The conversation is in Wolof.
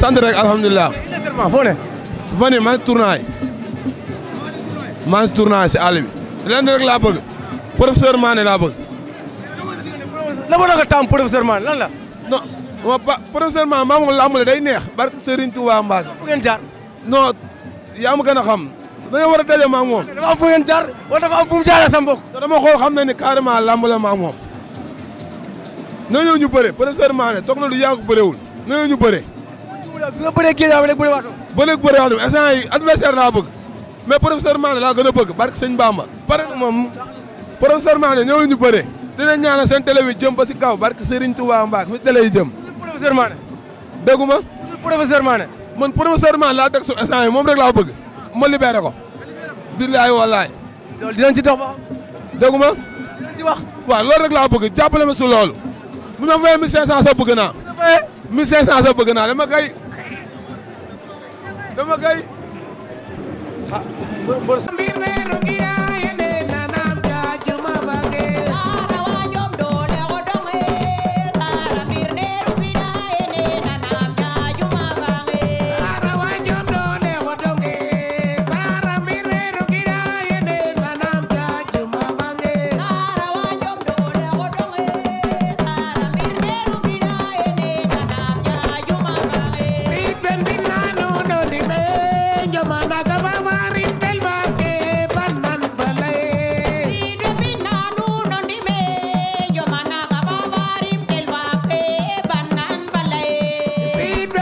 sant rek alhamdulilah. foo ne. fan yii maa ngi tournoi maa ngi tournoi si àll bi. lenn rek laa bëgg. professeur Mané laa bëgg. la ma doon tàmm professeur Mané lan la. non ma pa professeur Mané maa moom làmb la day neex. barke Serigne Touba Mbacke. fu ngeen jaar. non yaa ma gën a xam. dañoo war a daje maa moom. dafa am fu ngeen jaar wala dafa am fu mu jaar ak sa mbokk. te dama xool xam na ni carrément làmb la maa moom. na ñëw ñu bëre professeur Mané toog na lu yàgg bërewul na ñëw ñu bëre. bëre bi nga bëree Guédiawaye a bëre waatoo. bëreeg bëre waatoo instant yi adversaire laa bëgg mais professeur Mané laa gën a bëgg barke sëñ Bamba pare na moom professeur Mané ñëw ñu bëre dina ñaanal seen télé bi jëm ba si kaw barke Serigne Touba Mbacke fi télé yi jëm. professeur Mané. déggu ma. professeur Mané. laa teg su instant moom rek bëgg ma libéré ko. billaay wallaay. loolu dinañ ci dox ba déggu ma. dinañ ci bëgg jàppale ma su loolu. bu ma fayee bëgg naa. 1500 sax dama koy